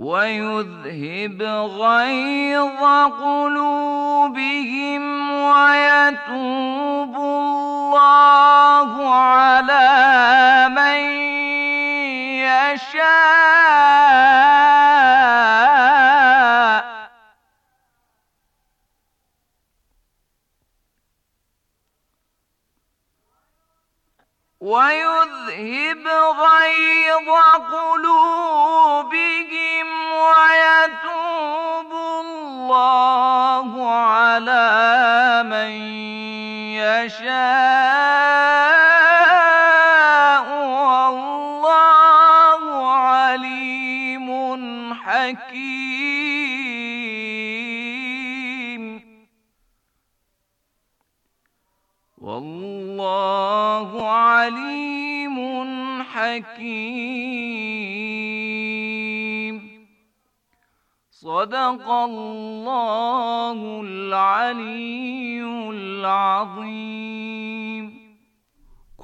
ويذهب غيظ قلوبهم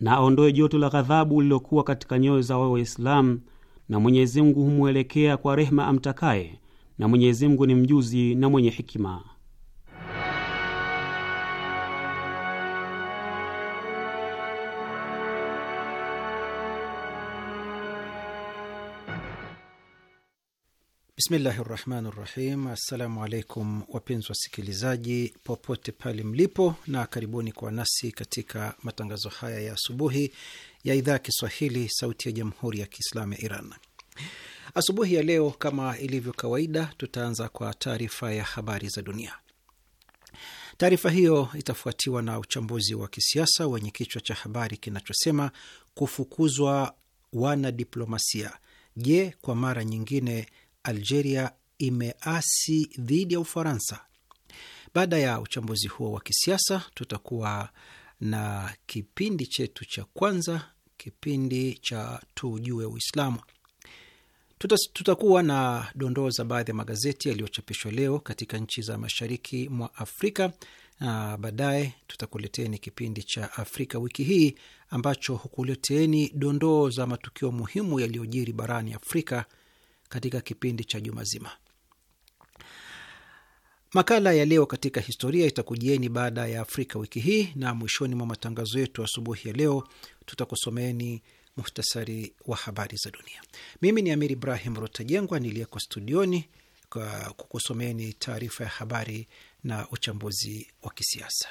na aondoe joto la ghadhabu lililokuwa katika nyoyo za wao Waislamu, na Mwenyezi Mungu humwelekea kwa rehema amtakaye, na Mwenyezi Mungu ni mjuzi na mwenye hikima. Bismillahi rahmani rahim. Assalamu alaikum wapenzi wasikilizaji popote pale mlipo, na karibuni kwa nasi katika matangazo haya ya asubuhi ya idhaa ya Kiswahili sauti ya jamhuri ya Kiislamu ya Iran. Asubuhi ya leo, kama ilivyo kawaida, tutaanza kwa taarifa ya habari za dunia. Taarifa hiyo itafuatiwa na uchambuzi wa kisiasa wenye kichwa cha habari kinachosema kufukuzwa wanadiplomasia. Je, kwa mara nyingine Algeria imeasi dhidi ya Ufaransa. Baada ya uchambuzi huo wa kisiasa, tutakuwa na kipindi chetu cha kwanza, kipindi cha tujue Uislamu. Tuta, tutakuwa na dondoo za baadhi ya magazeti yaliyochapishwa leo katika nchi za mashariki mwa Afrika na baadaye tutakuleteeni kipindi cha Afrika wiki hii ambacho hukuleteeni dondoo za matukio muhimu yaliyojiri barani Afrika katika kipindi cha juma zima. Makala ya leo katika historia itakujieni baada ya Afrika wiki hii, na mwishoni mwa matangazo yetu asubuhi ya leo tutakusomeeni muhtasari wa habari za dunia. Mimi ni Amir Ibrahim Rutajengwa niliyeko studioni kwa kukusomeeni taarifa ya habari na uchambuzi wa kisiasa.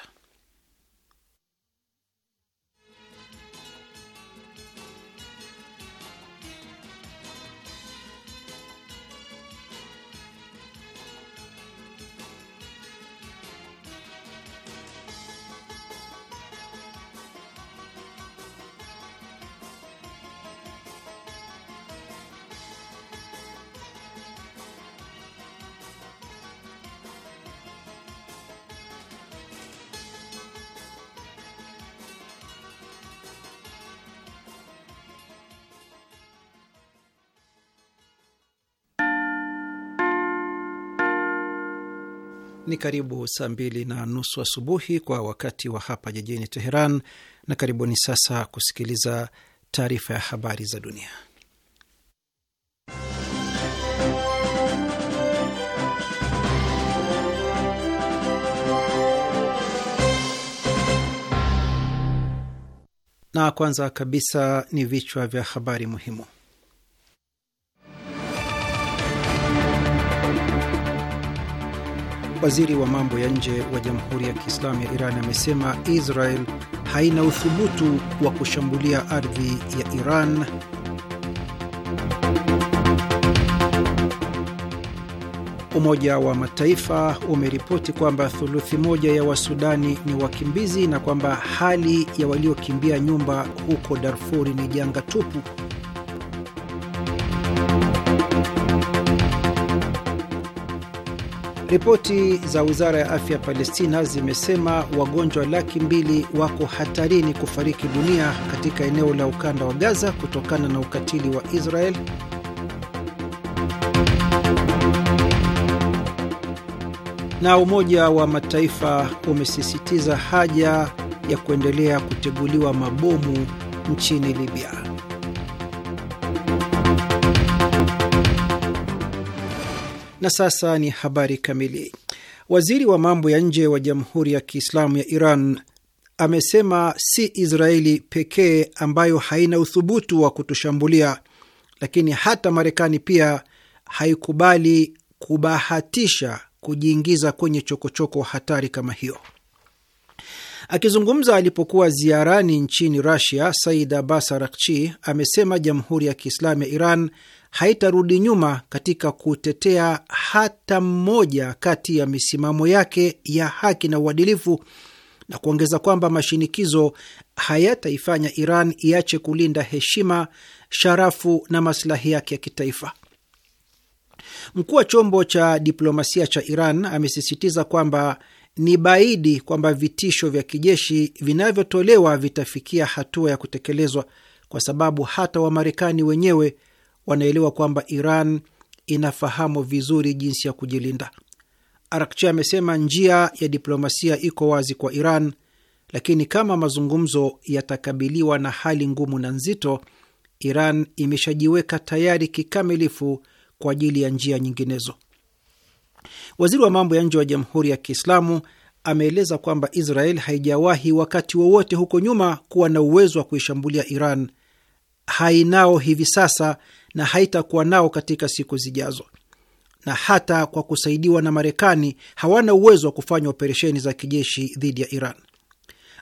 Ni karibu saa mbili na nusu asubuhi kwa wakati wa hapa jijini Teheran, na karibuni sasa kusikiliza taarifa ya habari za dunia. Na kwanza kabisa ni vichwa vya habari muhimu. Waziri wa mambo ya nje wa Jamhuri ya Kiislamu ya Iran amesema Israel haina uthubutu wa kushambulia ardhi ya Iran. Umoja wa Mataifa umeripoti kwamba thuluthi moja ya Wasudani ni wakimbizi na kwamba hali ya waliokimbia nyumba huko Darfuri ni janga tupu. Ripoti za wizara ya afya ya Palestina zimesema wagonjwa laki mbili wako hatarini kufariki dunia katika eneo la ukanda wa Gaza kutokana na ukatili wa Israel. Na Umoja wa Mataifa umesisitiza haja ya kuendelea kuteguliwa mabomu nchini Libya. Na sasa ni habari kamili. Waziri wa mambo ya nje wa Jamhuri ya Kiislamu ya Iran amesema si Israeli pekee ambayo haina uthubutu wa kutushambulia, lakini hata Marekani pia haikubali kubahatisha kujiingiza kwenye chokochoko hatari kama hiyo. Akizungumza alipokuwa ziarani nchini Rusia, Said Abbas Araghchi amesema Jamhuri ya Kiislamu ya Iran haitarudi nyuma katika kutetea hata mmoja kati ya misimamo yake ya haki na uadilifu, na kuongeza kwamba mashinikizo hayataifanya Iran iache kulinda heshima, sharafu na maslahi yake ya kitaifa. Mkuu wa chombo cha diplomasia cha Iran amesisitiza kwamba ni baidi kwamba vitisho vya kijeshi vinavyotolewa vitafikia hatua ya kutekelezwa, kwa sababu hata Wamarekani wenyewe wanaelewa kwamba Iran inafahamu vizuri jinsi ya kujilinda. Arakchi amesema njia ya diplomasia iko wazi kwa Iran, lakini kama mazungumzo yatakabiliwa na hali ngumu na nzito, Iran imeshajiweka tayari kikamilifu kwa ajili ya njia nyinginezo. Waziri wa mambo ya nje wa Jamhuri ya Kiislamu ameeleza kwamba Israel haijawahi wakati wowote huko nyuma kuwa na uwezo wa kuishambulia Iran, hainao hivi sasa na haitakuwa nao katika siku zijazo, na hata kwa kusaidiwa na Marekani hawana uwezo wa kufanya operesheni za kijeshi dhidi ya Iran.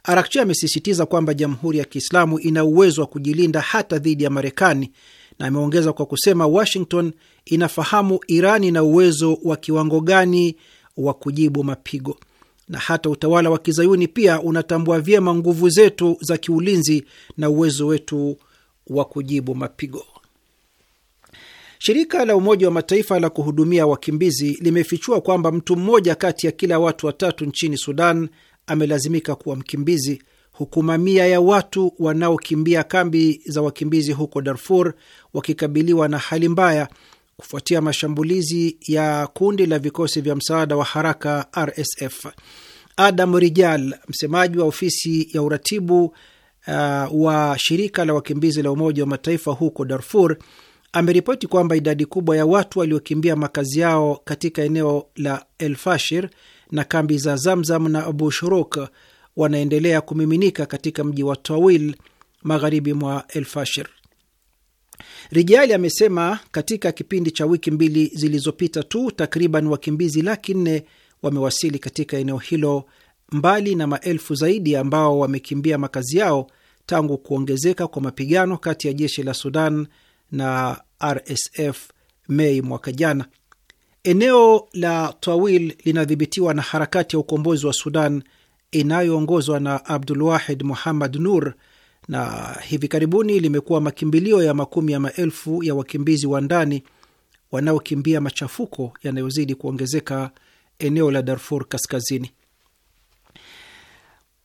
Arakchi amesisitiza kwamba Jamhuri ya Kiislamu ina uwezo wa kujilinda hata dhidi ya Marekani, na ameongeza kwa kusema Washington inafahamu Iran ina uwezo wa kiwango gani wa kujibu mapigo, na hata utawala wa kizayuni pia unatambua vyema nguvu zetu za kiulinzi na uwezo wetu wa kujibu mapigo. Shirika la Umoja wa Mataifa la kuhudumia wakimbizi limefichua kwamba mtu mmoja kati ya kila watu watatu nchini Sudan amelazimika kuwa mkimbizi, huku mamia ya watu wanaokimbia kambi za wakimbizi huko Darfur wakikabiliwa na hali mbaya kufuatia mashambulizi ya kundi la vikosi vya msaada wa haraka RSF. Adam Rijal, msemaji wa ofisi ya uratibu uh, wa shirika la wakimbizi la Umoja wa Mataifa huko Darfur ameripoti kwamba idadi kubwa ya watu waliokimbia makazi yao katika eneo la El Fashir na kambi za Zamzam na Abu Shuruk wanaendelea kumiminika katika mji wa Tawil magharibi mwa El Fashir. Rijali amesema katika kipindi cha wiki mbili zilizopita tu takriban wakimbizi laki nne wamewasili katika eneo hilo, mbali na maelfu zaidi ambao wamekimbia makazi yao tangu kuongezeka kwa mapigano kati ya jeshi la Sudan na RSF Mei mwaka jana. Eneo la Tawil linadhibitiwa na harakati ya ukombozi wa Sudan inayoongozwa na Abdulwahid Muhammad Nur na hivi karibuni limekuwa makimbilio ya makumi ya maelfu ya wakimbizi wa ndani wanaokimbia machafuko yanayozidi kuongezeka eneo la Darfur Kaskazini.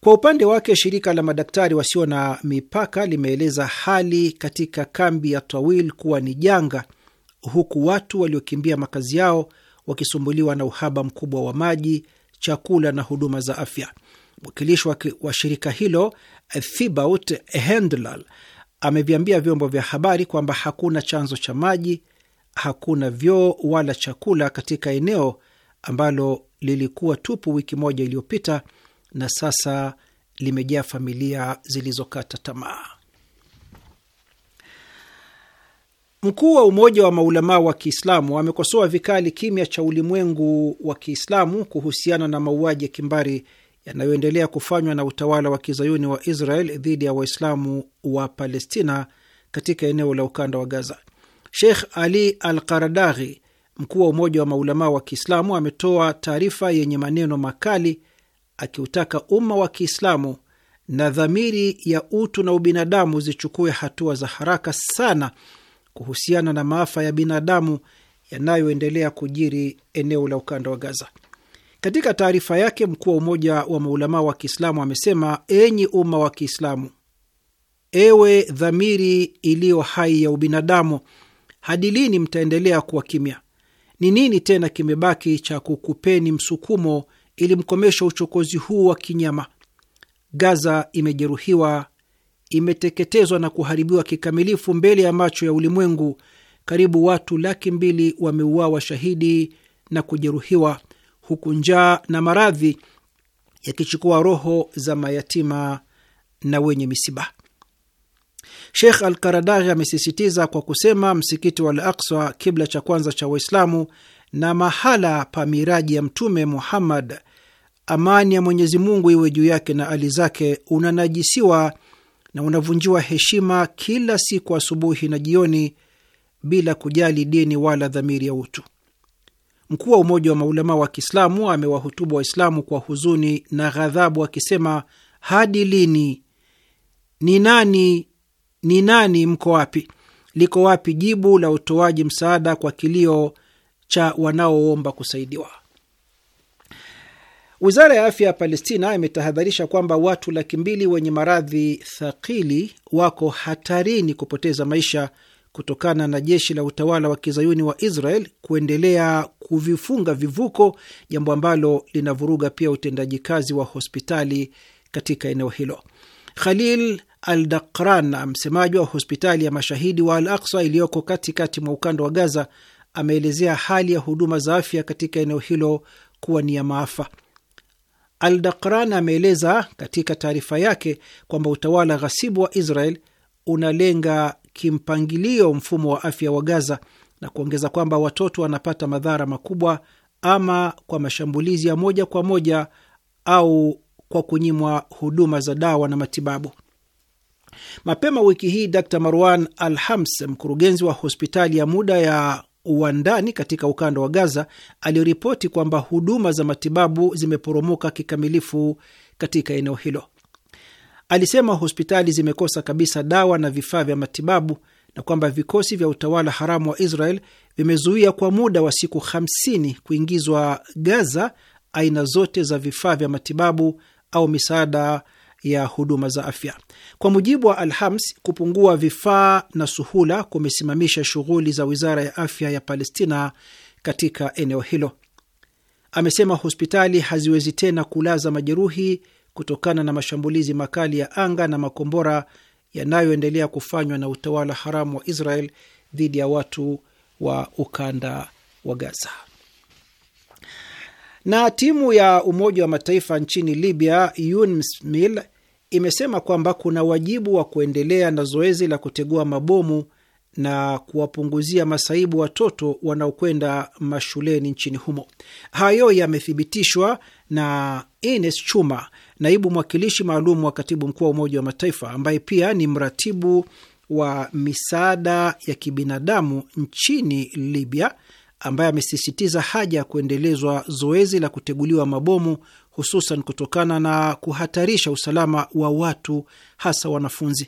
Kwa upande wake shirika la madaktari wasio na mipaka limeeleza hali katika kambi ya Tawil kuwa ni janga, huku watu waliokimbia makazi yao wakisumbuliwa na uhaba mkubwa wa maji, chakula na huduma za afya. Mwakilishi wa shirika hilo Thibaut Hendlal ameviambia vyombo vya habari kwamba hakuna chanzo cha maji, hakuna vyoo wala chakula katika eneo ambalo lilikuwa tupu wiki moja iliyopita na sasa limejaa familia zilizokata tamaa. Mkuu wa Umoja wa Maulamaa wa Kiislamu amekosoa vikali kimya cha ulimwengu wa Kiislamu kuhusiana na mauaji ya kimbari yanayoendelea kufanywa na utawala wa kizayuni wa Israel dhidi ya Waislamu wa Palestina katika eneo la ukanda wa Gaza. Sheikh Ali Al Qaradaghi, mkuu wa Umoja wa Maulamaa wa Kiislamu, ametoa taarifa yenye maneno makali akiutaka umma wa Kiislamu na dhamiri ya utu na ubinadamu zichukue hatua za haraka sana kuhusiana na maafa ya binadamu yanayoendelea kujiri eneo la ukanda wa Gaza. Katika taarifa yake, mkuu wa Umoja wa Maulamaa wa Kiislamu amesema, enyi umma wa Kiislamu, ewe dhamiri iliyo hai ya ubinadamu, hadi lini mtaendelea kuwa kimya? Ni nini tena kimebaki cha kukupeni msukumo ilimkomesha uchokozi huu wa kinyama. Gaza imejeruhiwa, imeteketezwa na kuharibiwa kikamilifu mbele ya macho ya ulimwengu. Karibu watu laki mbili wameuawa shahidi na kujeruhiwa, huku njaa na maradhi yakichukua roho za mayatima na wenye misiba. Sheikh Al Karadaghi amesisitiza kwa kusema, msikiti wa Al Aksa, kibla cha kwanza cha Waislamu na mahala pa miraji ya Mtume Muhammad amani ya Mwenyezi Mungu iwe juu yake na ali zake, unanajisiwa na unavunjiwa heshima kila siku asubuhi na jioni, bila kujali dini wala dhamiri ya utu. Mkuu wa Umoja wa Maulama wa Kiislamu amewahutubu Waislamu kwa huzuni na ghadhabu akisema, hadi lini? Ni nani? Ni nani? Mko wapi? Liko wapi jibu la utoaji msaada kwa kilio cha wanaoomba kusaidiwa? Wizara ya afya ya Palestina imetahadharisha kwamba watu laki mbili wenye maradhi thakili wako hatarini kupoteza maisha kutokana na jeshi la utawala wa kizayuni wa Israel kuendelea kuvifunga vivuko, jambo ambalo linavuruga pia utendaji kazi wa hospitali katika eneo hilo. Khalil Al Dakran, msemaji wa hospitali ya mashahidi wa Al Aksa iliyoko katikati mwa ukanda wa Gaza, ameelezea hali ya huduma za afya katika eneo hilo kuwa ni ya maafa aldakran ameeleza katika taarifa yake kwamba utawala ghasibu wa Israel unalenga kimpangilio mfumo wa afya wa Gaza na kuongeza kwamba watoto wanapata madhara makubwa ama kwa mashambulizi ya moja kwa moja au kwa kunyimwa huduma za dawa na matibabu. Mapema wiki hii, Dr Marwan Al Hams, mkurugenzi wa hospitali ya muda ya wa ndani katika ukanda wa Gaza aliyoripoti kwamba huduma za matibabu zimeporomoka kikamilifu katika eneo hilo. Alisema hospitali zimekosa kabisa dawa na vifaa vya matibabu na kwamba vikosi vya utawala haramu wa Israel vimezuia kwa muda wa siku 50 kuingizwa Gaza aina zote za vifaa vya matibabu au misaada ya huduma za afya. Kwa mujibu wa Alhams, kupungua vifaa na suhula kumesimamisha shughuli za wizara ya afya ya Palestina katika eneo hilo. Amesema hospitali haziwezi tena kulaza majeruhi kutokana na mashambulizi makali ya anga na makombora yanayoendelea kufanywa na utawala haramu wa Israel dhidi ya watu wa ukanda wa Gaza. Na timu ya Umoja wa Mataifa nchini Libya, UNSMIL, imesema kwamba kuna wajibu wa kuendelea na zoezi la kutegua mabomu na kuwapunguzia masaibu watoto wanaokwenda mashuleni nchini humo. Hayo yamethibitishwa na Ines Chuma, naibu mwakilishi maalum wa katibu mkuu wa Umoja wa Mataifa ambaye pia ni mratibu wa misaada ya kibinadamu nchini Libya ambaye amesisitiza haja ya kuendelezwa zoezi la kuteguliwa mabomu hususan kutokana na kuhatarisha usalama wa watu hasa wanafunzi.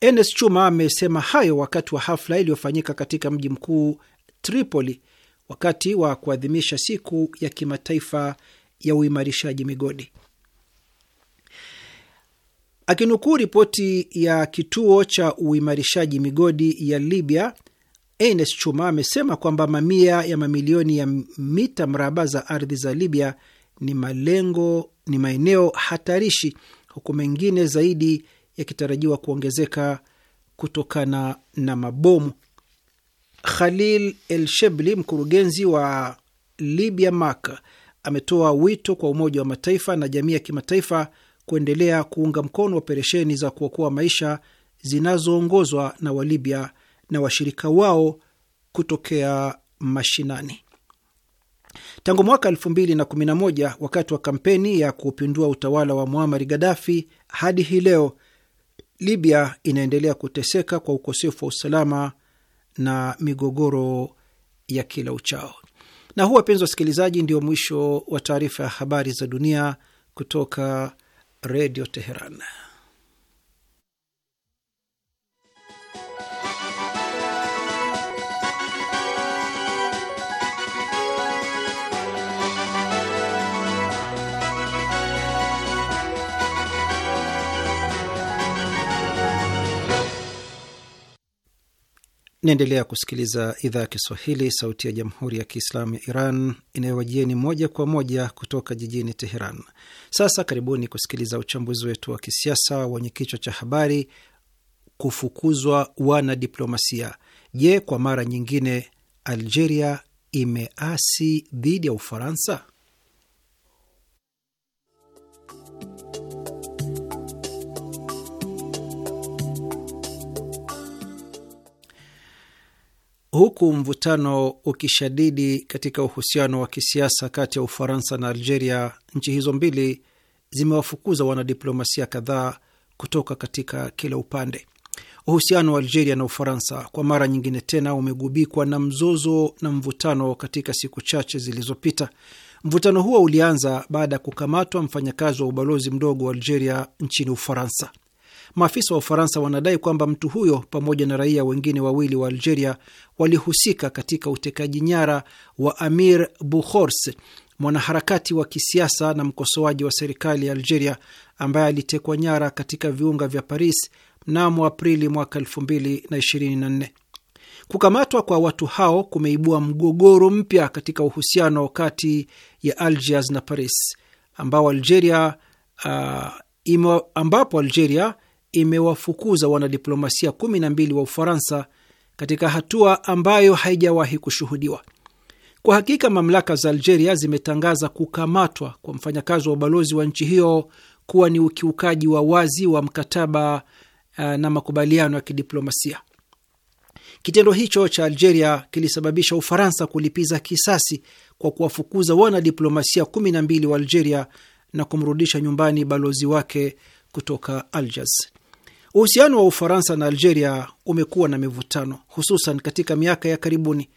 Enes Chuma amesema hayo wakati wa hafla iliyofanyika katika mji mkuu Tripoli wakati wa kuadhimisha siku ya kimataifa ya uimarishaji migodi. Akinukuu ripoti ya kituo cha uimarishaji migodi ya Libya Ernest Chuma amesema kwamba mamia ya mamilioni ya mita mraba za ardhi za Libya ni malengo, ni maeneo hatarishi, huku mengine zaidi yakitarajiwa kuongezeka kutokana na mabomu. Khalil El Shebli, mkurugenzi wa Libya Mak, ametoa wito kwa Umoja wa Mataifa na jamii ya kimataifa kuendelea kuunga mkono operesheni za kuokoa maisha zinazoongozwa na Walibya na washirika wao kutokea mashinani. Tangu mwaka 211 wakati wa kampeni ya kupindua utawala wa Muammar Gaddafi hadi hii leo, Libya inaendelea kuteseka kwa ukosefu wa usalama na migogoro ya kila uchao. Na huu, wapenzi wasikilizaji, ndio mwisho wa taarifa ya habari za dunia kutoka Redio Teheran. Naendelea kusikiliza idhaa ya Kiswahili, sauti ya jamhuri ya kiislamu ya Iran inayowajieni moja kwa moja kutoka jijini Teheran. Sasa karibuni kusikiliza uchambuzi wetu wa kisiasa wenye kichwa cha habari kufukuzwa wanadiplomasia. Je, kwa mara nyingine Algeria imeasi dhidi ya Ufaransa? huku mvutano ukishadidi katika uhusiano wa kisiasa kati ya Ufaransa na Algeria, nchi hizo mbili zimewafukuza wanadiplomasia kadhaa kutoka katika kila upande. Uhusiano wa Algeria na Ufaransa kwa mara nyingine tena umegubikwa na mzozo na mvutano katika siku chache zilizopita. Mvutano huo ulianza baada ya kukamatwa mfanyakazi wa ubalozi mdogo wa Algeria nchini Ufaransa. Maafisa wa Ufaransa wanadai kwamba mtu huyo pamoja na raia wengine wawili wa Algeria walihusika katika utekaji nyara wa Amir buhors mwanaharakati wa kisiasa na mkosoaji wa serikali ya Algeria ambaye alitekwa nyara katika viunga vya Paris mnamo Aprili mwaka 2024. Kukamatwa kwa watu hao kumeibua mgogoro mpya katika uhusiano kati ya Algiers na Paris ambao Algeria, uh, ambapo Algeria imewafukuza wanadiplomasia 12 wa Ufaransa katika hatua ambayo haijawahi kushuhudiwa. Kwa hakika mamlaka za Algeria zimetangaza kukamatwa kwa mfanyakazi wa ubalozi wa nchi hiyo kuwa ni ukiukaji wa wazi wa mkataba uh, na makubaliano ya kidiplomasia. Kitendo hicho cha Algeria kilisababisha Ufaransa kulipiza kisasi kwa kuwafukuza wanadiplomasia 12 wa Algeria na kumrudisha nyumbani balozi wake kutoka Algiers. Uhusiano wa Ufaransa na Algeria umekuwa na mivutano, hususan katika miaka ya karibuni.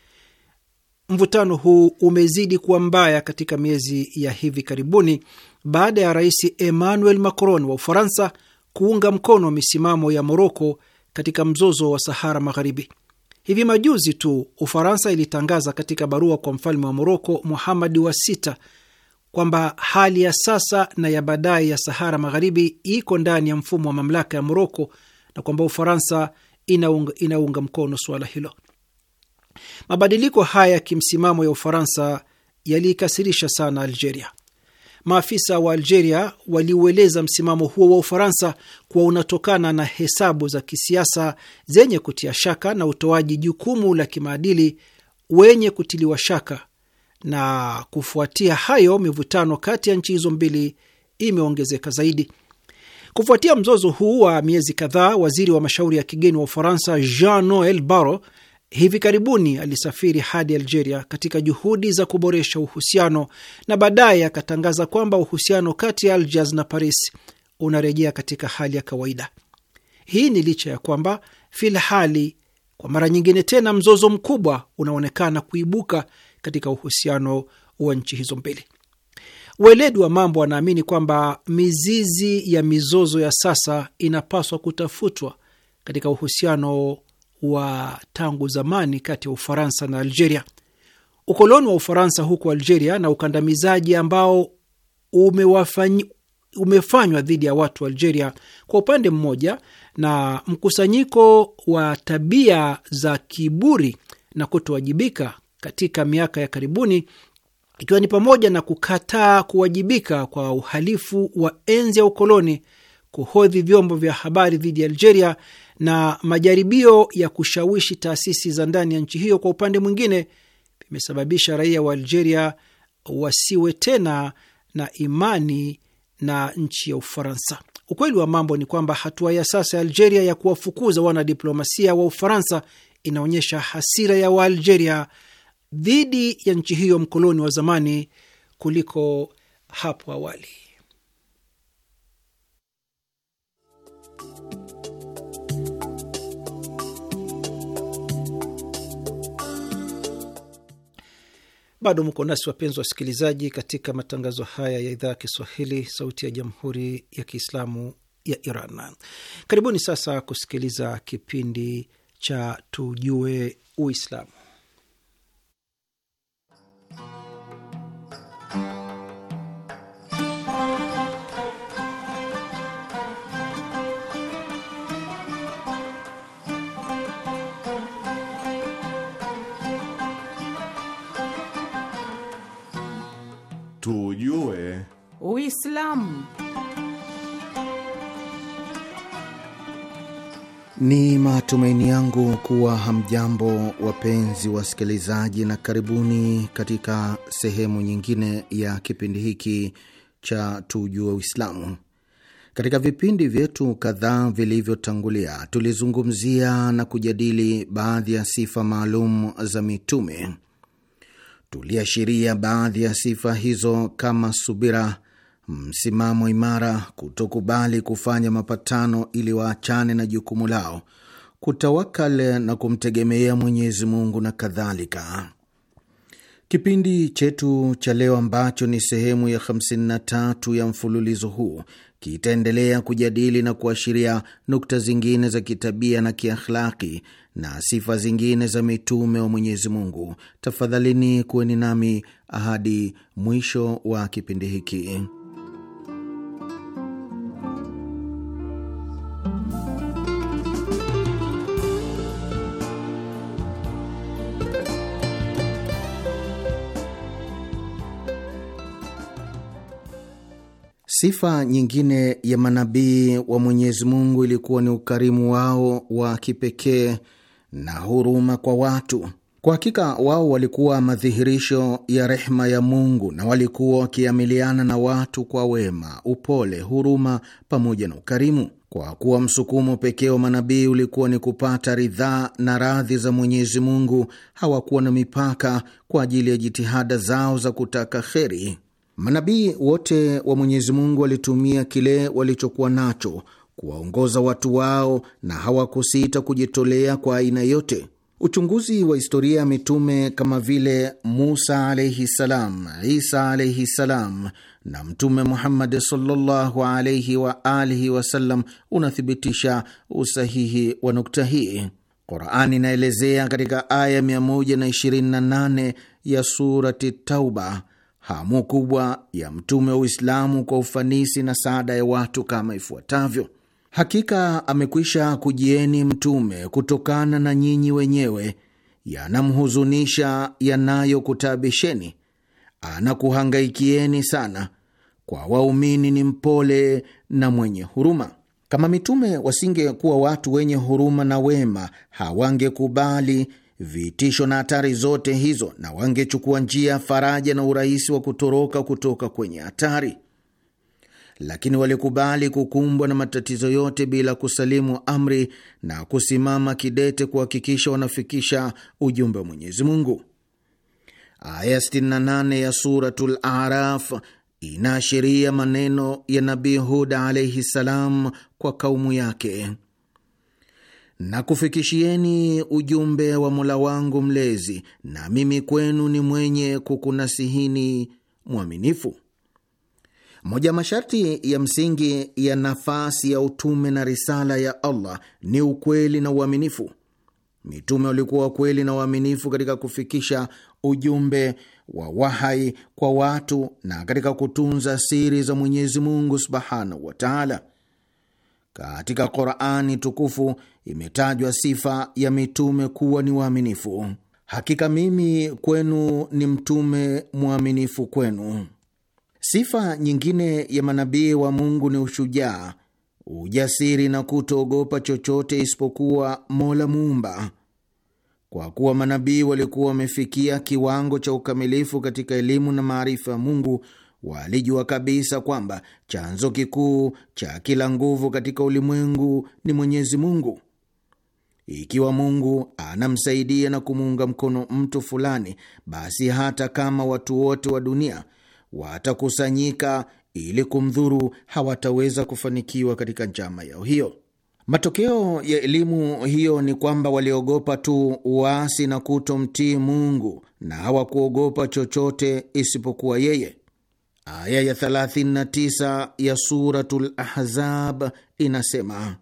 Mvutano huu umezidi kuwa mbaya katika miezi ya hivi karibuni baada ya Rais Emmanuel Macron wa Ufaransa kuunga mkono misimamo ya Moroko katika mzozo wa Sahara Magharibi. Hivi majuzi tu Ufaransa ilitangaza katika barua kwa mfalme wa Moroko Muhamadi wa sita kwamba hali ya sasa na ya baadaye ya Sahara Magharibi iko ndani ya mfumo wa mamlaka ya Moroko na kwamba Ufaransa inaunga, inaunga mkono suala hilo. Mabadiliko haya ya kimsimamo ya Ufaransa yaliikasirisha sana Algeria. Maafisa wa Algeria waliueleza msimamo huo wa Ufaransa kuwa unatokana na hesabu za kisiasa zenye kutia shaka na utoaji jukumu la kimaadili wenye kutiliwa shaka na kufuatia hayo mivutano kati ya nchi hizo mbili imeongezeka zaidi. Kufuatia mzozo huu wa miezi kadhaa, waziri wa mashauri ya kigeni wa Ufaransa Jean Noel Barrot hivi karibuni alisafiri hadi Algeria katika juhudi za kuboresha uhusiano na baadaye akatangaza kwamba uhusiano kati ya Algiers na Paris unarejea katika hali ya kawaida. Hii ni licha ya kwamba filhali, kwa mara nyingine tena, mzozo mkubwa unaonekana kuibuka katika uhusiano wa nchi hizo mbili. Weledi wa mambo wanaamini kwamba mizizi ya mizozo ya sasa inapaswa kutafutwa katika uhusiano wa tangu zamani kati ya Ufaransa na Algeria. Ukoloni wa Ufaransa huko Algeria na ukandamizaji ambao umefanywa dhidi ya watu wa Algeria kwa upande mmoja, na mkusanyiko wa tabia za kiburi na kutowajibika katika miaka ya karibuni ikiwa ni pamoja na kukataa kuwajibika kwa uhalifu wa enzi ya ukoloni, kuhodhi vyombo vya habari dhidi ya Algeria na majaribio ya kushawishi taasisi za ndani ya nchi hiyo, kwa upande mwingine, vimesababisha raia wa Algeria wasiwe tena na imani na nchi ya Ufaransa. Ukweli wa mambo ni kwamba hatua ya sasa ya Algeria ya kuwafukuza wanadiplomasia wa Ufaransa inaonyesha hasira ya Waalgeria dhidi ya nchi hiyo mkoloni wa zamani kuliko hapo awali. Bado mko nasi wapenzi wasikilizaji, katika matangazo haya ya idhaa ya Kiswahili, sauti ya jamhuri ya kiislamu ya Iran. Karibuni sasa kusikiliza kipindi cha Tujue Uislamu. tujue Uislamu Ni matumaini yangu kuwa hamjambo wapenzi wasikilizaji, na karibuni katika sehemu nyingine ya kipindi hiki cha tujue Uislamu. Katika vipindi vyetu kadhaa vilivyotangulia, tulizungumzia na kujadili baadhi ya sifa maalum za mitume Tuliashiria baadhi ya sifa hizo kama subira, msimamo imara, kutokubali kufanya mapatano ili waachane na jukumu lao, kutawakal na kumtegemea Mwenyezi Mungu na kadhalika. Kipindi chetu cha leo ambacho ni sehemu ya 53 ya mfululizo huu kitaendelea kujadili na kuashiria nukta zingine za kitabia na kiakhlaki na sifa zingine za mitume wa Mwenyezi Mungu. Tafadhalini kuweni nami hadi mwisho wa kipindi hiki. Sifa nyingine ya manabii wa Mwenyezi Mungu ilikuwa ni ukarimu wao wa kipekee na huruma kwa watu. Kwa hakika wao walikuwa madhihirisho ya rehma ya Mungu na walikuwa wakiamiliana na watu kwa wema, upole, huruma pamoja na ukarimu, kwa kuwa msukumo pekee wa manabii ulikuwa ni kupata ridhaa na radhi za Mwenyezi Mungu. Hawakuwa na mipaka kwa ajili ya jitihada zao za kutaka kheri. Manabii wote wa Mwenyezi Mungu walitumia kile walichokuwa nacho kuwaongoza watu wao na hawakusita kujitolea kwa aina yote. Uchunguzi wa historia ya mitume kama vile Musa alaihi salam, Isa alaihi salam na Mtume Muhammad sallallahu alaihi wa alihi wasallam unathibitisha usahihi wa nukta hii. Qurani inaelezea katika aya 128 ya Surati Tauba hamu kubwa ya mtume wa Uislamu kwa ufanisi na saada ya watu kama ifuatavyo: Hakika amekwisha kujieni mtume kutokana na nyinyi wenyewe, yanamhuzunisha yanayokutabisheni, anakuhangaikieni sana. Kwa waumini ni mpole na mwenye huruma. Kama mitume wasingekuwa watu wenye huruma na wema, hawangekubali vitisho na hatari zote hizo, na wangechukua njia faraja na urahisi wa kutoroka kutoka kwenye hatari lakini walikubali kukumbwa na matatizo yote bila kusalimu amri na kusimama kidete kuhakikisha wanafikisha ujumbe wa Mwenyezi Mungu. Aya 68 ya Suratul Araf inaashiria maneno ya Nabii Hud alaihi ssalam kwa kaumu yake: na kufikishieni ujumbe wa Mola wangu Mlezi, na mimi kwenu ni mwenye kukunasihini mwaminifu. Moja masharti ya msingi ya nafasi ya utume na risala ya Allah ni ukweli na uaminifu. Mitume walikuwa wakweli na waaminifu katika kufikisha ujumbe wa wahai kwa watu na katika kutunza siri za Mwenyezi Mungu subhanahu wa taala. Katika Qurani tukufu imetajwa sifa ya mitume kuwa ni waaminifu: hakika mimi kwenu ni mtume mwaminifu kwenu. Sifa nyingine ya manabii wa Mungu ni ushujaa, ujasiri na kutoogopa chochote isipokuwa Mola Muumba. Kwa kuwa manabii walikuwa wamefikia kiwango cha ukamilifu katika elimu na maarifa ya Mungu, walijua kabisa kwamba chanzo kikuu cha kila nguvu katika ulimwengu ni Mwenyezi Mungu. Ikiwa Mungu anamsaidia na kumuunga mkono mtu fulani, basi hata kama watu wote wa dunia watakusanyika ili kumdhuru, hawataweza kufanikiwa katika njama yao hiyo. Matokeo ya elimu hiyo ni kwamba waliogopa tu uasi na kutomtii Mungu na hawakuogopa chochote isipokuwa yeye. Aya ya 39 ya Suratul Ahzab inasema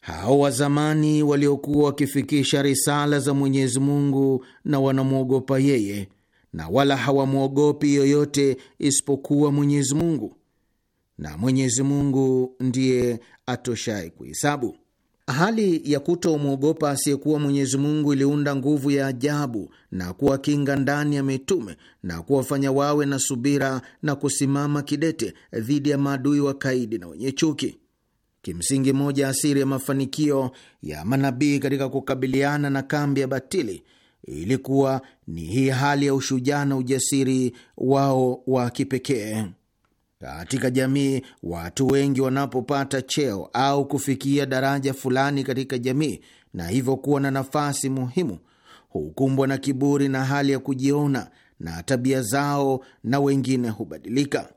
hao wa zamani waliokuwa wakifikisha risala za Mwenyezi Mungu na wanamwogopa yeye na wala hawamwogopi yoyote isipokuwa Mwenyezi Mungu, na Mwenyezi Mungu ndiye atoshai kuhesabu. Hali ya kutomwogopa asiyekuwa Mwenyezi Mungu iliunda nguvu ya ajabu na kuwakinga ndani ya mitume na kuwafanya wawe na subira na kusimama kidete dhidi ya maadui wa kaidi na wenye chuki. Kimsingi, moja asiri ya mafanikio ya manabii katika kukabiliana na kambi ya batili ilikuwa ni hii hali ya ushujaa na ujasiri wao wa kipekee. Katika jamii, watu wengi wanapopata cheo au kufikia daraja fulani katika jamii na hivyo kuwa na nafasi muhimu, hukumbwa na kiburi na hali ya kujiona, na tabia zao na wengine hubadilika,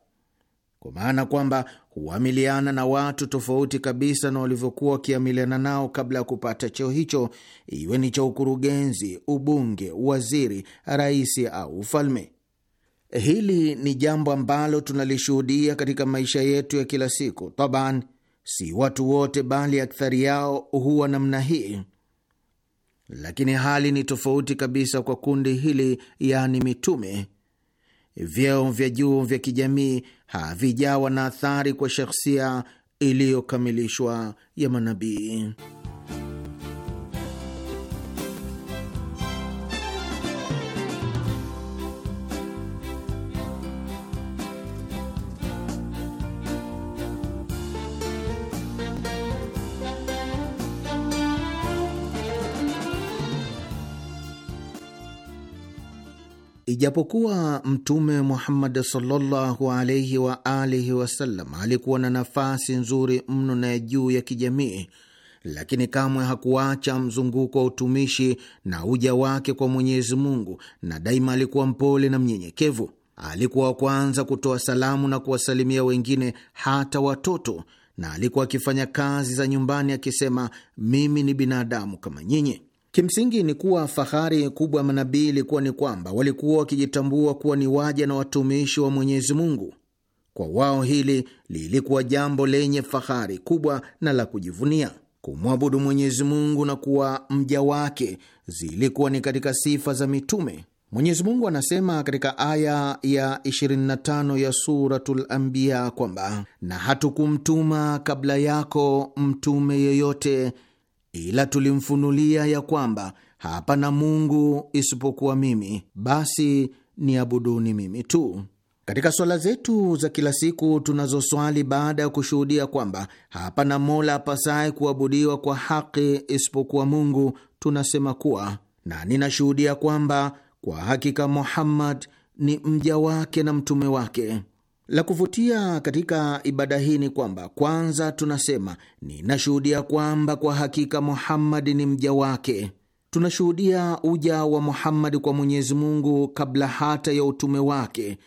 kwa maana kwamba huamiliana na watu tofauti kabisa na walivyokuwa wakiamiliana nao kabla ya kupata cheo hicho, iwe ni cha ukurugenzi, ubunge, waziri, rais au ufalme. Hili ni jambo ambalo tunalishuhudia katika maisha yetu ya kila siku. Taban, si watu wote, bali akthari yao huwa namna hii, lakini hali ni tofauti kabisa kwa kundi hili, yaani mitume. Vyeo vya juu vya kijamii havijawa na athari kwa shakhsia iliyokamilishwa ya manabii. Ijapokuwa Mtume Muhammad sallallahu alaihi wa alihi wasallam alikuwa na nafasi nzuri mno na ya juu ya kijamii, lakini kamwe hakuacha mzunguko wa utumishi na uja wake kwa Mwenyezi Mungu, na daima alikuwa mpole na mnyenyekevu. Alikuwa wa kwanza kutoa salamu na kuwasalimia wengine, hata watoto, na alikuwa akifanya kazi za nyumbani akisema, mimi ni binadamu kama nyinyi. Kimsingi ni kuwa fahari kubwa ya manabii ilikuwa ni kwamba walikuwa wakijitambua kuwa ni waja na watumishi wa Mwenyezi Mungu. Kwa wao hili lilikuwa jambo lenye fahari kubwa na la kujivunia. Kumwabudu Mwenyezi Mungu na kuwa mja wake zilikuwa ni katika sifa za mitume. Mwenyezi Mungu anasema katika aya ya 25 ya Suratul Anbiya kwamba na hatukumtuma kabla yako mtume yeyote ila tulimfunulia ya kwamba hapana Mungu isipokuwa mimi, basi niabuduni mimi tu. Katika swala zetu za kila siku tunazoswali baada ya kushuhudia kwamba hapana mola apasaye kuabudiwa kwa haki isipokuwa Mungu, tunasema kuwa na ninashuhudia kwamba kwa hakika Muhammad ni mja wake na mtume wake. La kuvutia katika ibada hii ni kwamba kwanza tunasema ninashuhudia kwamba kwa hakika Muhammad ni mja wake. Tunashuhudia uja wa Muhammad kwa Mwenyezi Mungu kabla hata ya utume wake,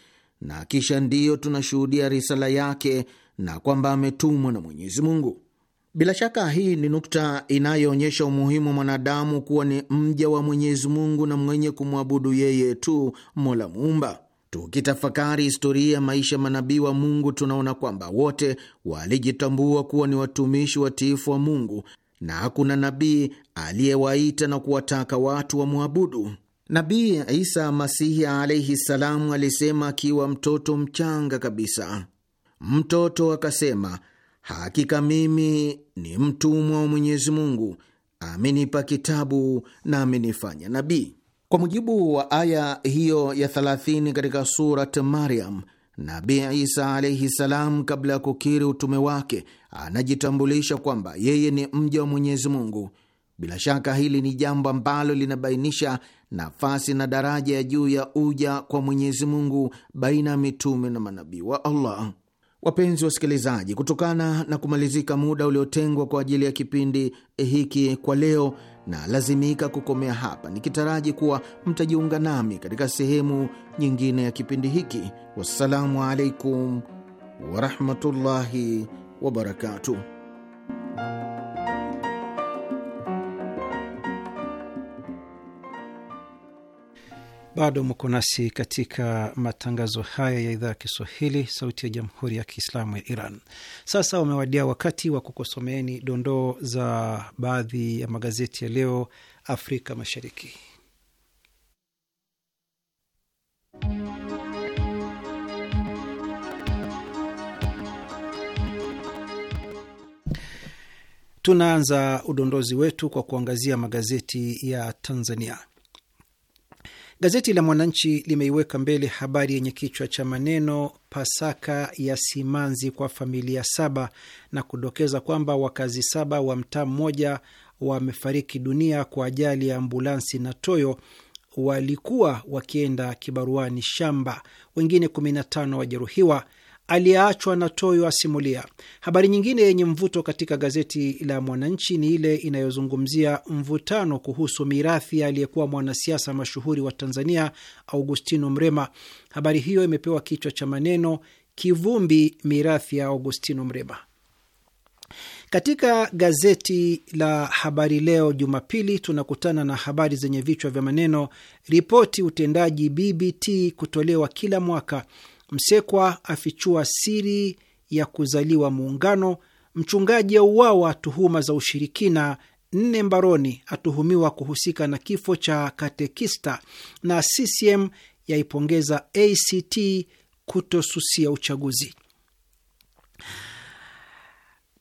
na kisha ndiyo tunashuhudia risala yake na kwamba ametumwa na Mwenyezi Mungu. Bila shaka hii ni nukta inayoonyesha umuhimu wa mwanadamu kuwa ni mja wa Mwenyezi Mungu na mwenye kumwabudu yeye tu, Mola Muumba. Tukitafakari historia ya maisha ya manabii wa Mungu, tunaona kwamba wote walijitambua kuwa ni watumishi watiifu wa Mungu na hakuna nabii aliyewaita na kuwataka watu wamwabudu. Nabii Isa Masihi alaihi salamu alisema akiwa mtoto mchanga kabisa. Mtoto akasema, hakika mimi ni mtumwa wa Mwenyezi Mungu, amenipa kitabu na amenifanya nabii. Kwa mujibu wa aya hiyo ya 30 katika Surat Maryam, Nabii Isa alaihi salam, kabla ya kukiri utume wake, anajitambulisha kwamba yeye ni mja wa Mwenyezi Mungu. Bila shaka hili ni jambo ambalo linabainisha nafasi na daraja ya juu ya uja kwa Mwenyezi Mungu baina ya mitume na manabii wa Allah. Wapenzi wasikilizaji, kutokana na kumalizika muda uliotengwa kwa ajili ya kipindi hiki kwa leo, na lazimika kukomea hapa nikitaraji kuwa mtajiunga nami katika sehemu nyingine ya kipindi hiki. Wassalamu alaikum warahmatullahi wabarakatuh. Bado mko nasi katika matangazo haya ya idhaa ya Kiswahili, sauti ya jamhuri ya kiislamu ya Iran. Sasa umewadia wakati wa kukosomeeni dondoo za baadhi ya magazeti ya leo Afrika Mashariki. Tunaanza udondozi wetu kwa kuangazia magazeti ya Tanzania. Gazeti la Mwananchi limeiweka mbele habari yenye kichwa cha maneno Pasaka ya simanzi kwa familia saba na kudokeza kwamba wakazi saba wa mtaa mmoja wamefariki dunia kwa ajali ya ambulansi na toyo walikuwa wakienda kibaruani Shamba, wengine 15 wajeruhiwa aliyeachwa na Toyo asimulia. Habari nyingine yenye mvuto katika gazeti la Mwananchi ni ile inayozungumzia mvutano kuhusu mirathi aliyekuwa mwanasiasa mashuhuri wa Tanzania Augustino Mrema. Habari hiyo imepewa kichwa cha maneno Kivumbi, mirathi ya Augustino Mrema. Katika gazeti la Habari Leo Jumapili tunakutana na habari zenye vichwa vya maneno: ripoti utendaji BBT kutolewa kila mwaka, Msekwa afichua siri ya kuzaliwa muungano. Mchungaji auawa tuhuma za ushirikina. Nne mbaroni atuhumiwa kuhusika na kifo cha katekista, na CCM yaipongeza ACT kutosusia uchaguzi.